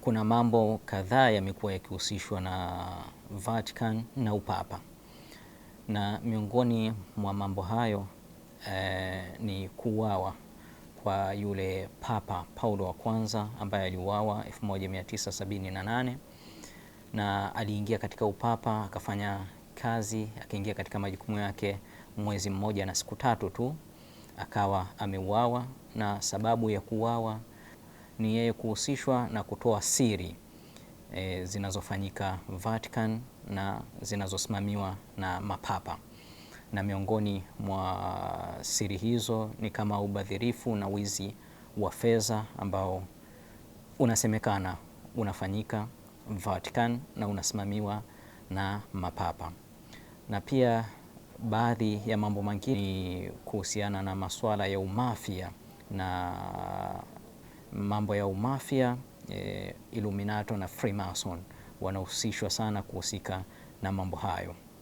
kuna mambo kadhaa yamekuwa yakihusishwa na Vatican na upapa, na miongoni mwa mambo hayo eh, ni kuuawa kwa yule Papa Paulo wa kwanza ambaye aliuawa 1978 na aliingia katika upapa akafanya kazi akaingia katika majukumu yake mwezi mmoja na siku tatu tu akawa ameuawa, na sababu ya kuuawa ni yeye kuhusishwa na kutoa siri e, zinazofanyika Vatican na zinazosimamiwa na mapapa na miongoni mwa siri hizo ni kama ubadhirifu na wizi wa fedha ambao unasemekana unafanyika Vatican na unasimamiwa na mapapa. Na pia baadhi ya mambo mengine ni kuhusiana na masuala ya umafia na mambo ya umafia e, Illuminato na Freemason wanahusishwa sana kuhusika na mambo hayo.